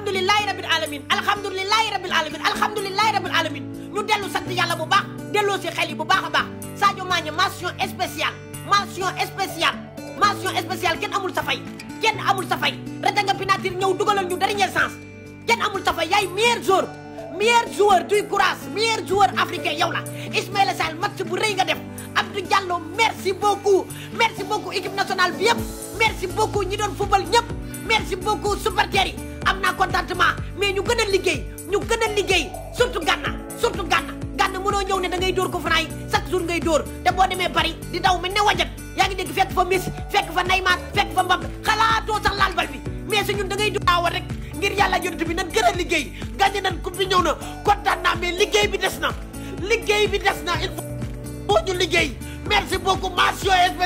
alhamdulilahi rabil alamin alhamdulilahi rabil alamin alhamdulilahi rabil alamin ñu dellu sant yàlla bu baax delloo si xel yi bu baax a baax Sadio Mané mention spéciale mention spéciale mention spéciale kenn amul sa kenn amul sa fay reta nga pinatir ñëw dugalal ñu dernier sens kenn amul sa yaay meilleur joueur meilleur joueur du courage meilleur joueur africain yow la Ismaïla Sarr match bu rëy nga def Abdou Diallo merci beaucoup merci beaucoup équipe nationale bi yëpp merci am naa contentement mais ñu gën a liggéey ñu gën a liggéey surtout Gana surtout Gana Gana mënoo ñëw ne da ngay dóor ko franc yi chaque jour ngay dóor te boo di daw mel ne wajat yaa ngi dégg fekk fa Messi fekk fa Neymar fekk fa Mbappé xalaatoo sax laal bal bi mais suñun da ngay dóor rek ngir yàlla yonent bi nan gën a liggéey gagné nan coupe bi ñëw na kontaan naa mais liggéey bi des na liggéey bi des na il faut ñu liggéey merci beaucoup